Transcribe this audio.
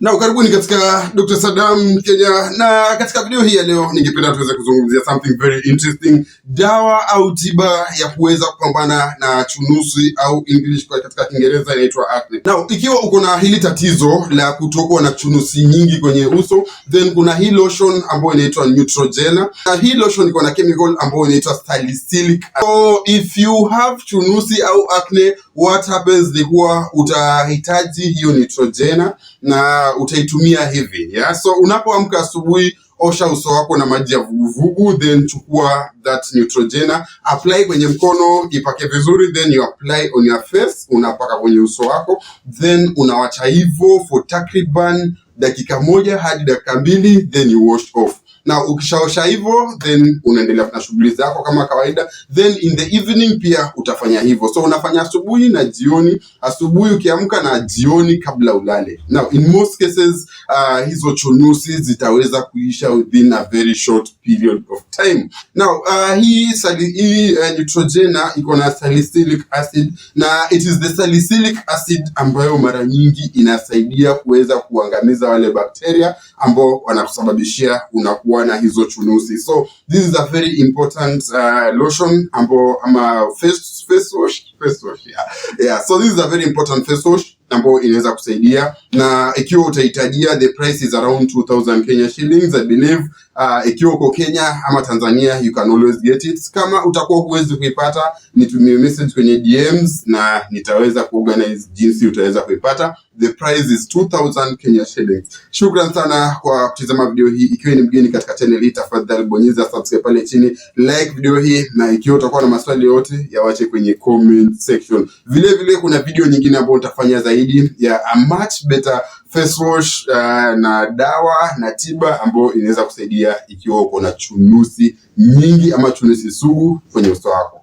Na karibuni katika Dr. Saddam Kenya, na katika video hii ya leo ningependa tuweze kuzungumzia something very interesting, dawa au tiba ya kuweza kupambana na chunusi au English kwa katika Kiingereza inaitwa acne. Now, ikiwa uko na hili tatizo la kutokwa na chunusi nyingi kwenye uso, then kuna hii lotion ambayo inaitwa Neutrogena, na hii lotion iko na chemical ambayo inaitwa salicylic. So if you have chunusi au acne, what happens ni kuwa utahitaji hiyo Neutrogena na utaitumia hivi yeah? So unapoamka asubuhi, osha uso wako na maji ya vuguvugu, then chukua that Neutrogena, apply kwenye mkono, ipake vizuri, then you apply on your face, unapaka kwenye uso wako, then unawacha hivyo for takriban dakika moja hadi dakika mbili, then you wash off na ukishaosha hivyo, then unaendelea na shughuli zako kama kawaida, then in the evening pia utafanya hivyo. So unafanya asubuhi na jioni, asubuhi ukiamka na jioni kabla ulale. Now in most cases uh, hizo chunusi zitaweza kuisha within a very short period of time. Now uh, hii sali, hii uh, Neutrogena iko na salicylic acid na it is the salicylic acid ambayo mara nyingi inasaidia kuweza kuangamiza wale bakteria ambao wanakusababishia unakuwa kuwa na hizo chunusi. So this is a very important uh, lotion ambo ama face, face wash, face wash, yeah. Yeah, so this is a very important face wash ambayo inaweza kusaidia na ikiwa utahitajia, the price is around 2000 Kenya shillings I believe. Uh, ikiwa uko Kenya ama Tanzania you can always get it. Kama utakuwa huwezi kuipata, nitumie message kwenye DMs na nitaweza kuorganize jinsi utaweza kuipata. The price is 2000 Kenya shillings. Shukran sana kwa kutizama video hii. Ikiwa ni mgeni katika channel hii, tafadhali bonyeza subscribe pale chini, like video hii, na ikiwa utakuwa na maswali yote yawache kwenye comment section. Vile vile kuna video nyingine ambayo utafanya zaidi ya a much better face wash uh, na dawa na tiba ambayo inaweza kusaidia ikiwa uko na chunusi nyingi ama chunusi sugu kwenye uso wako.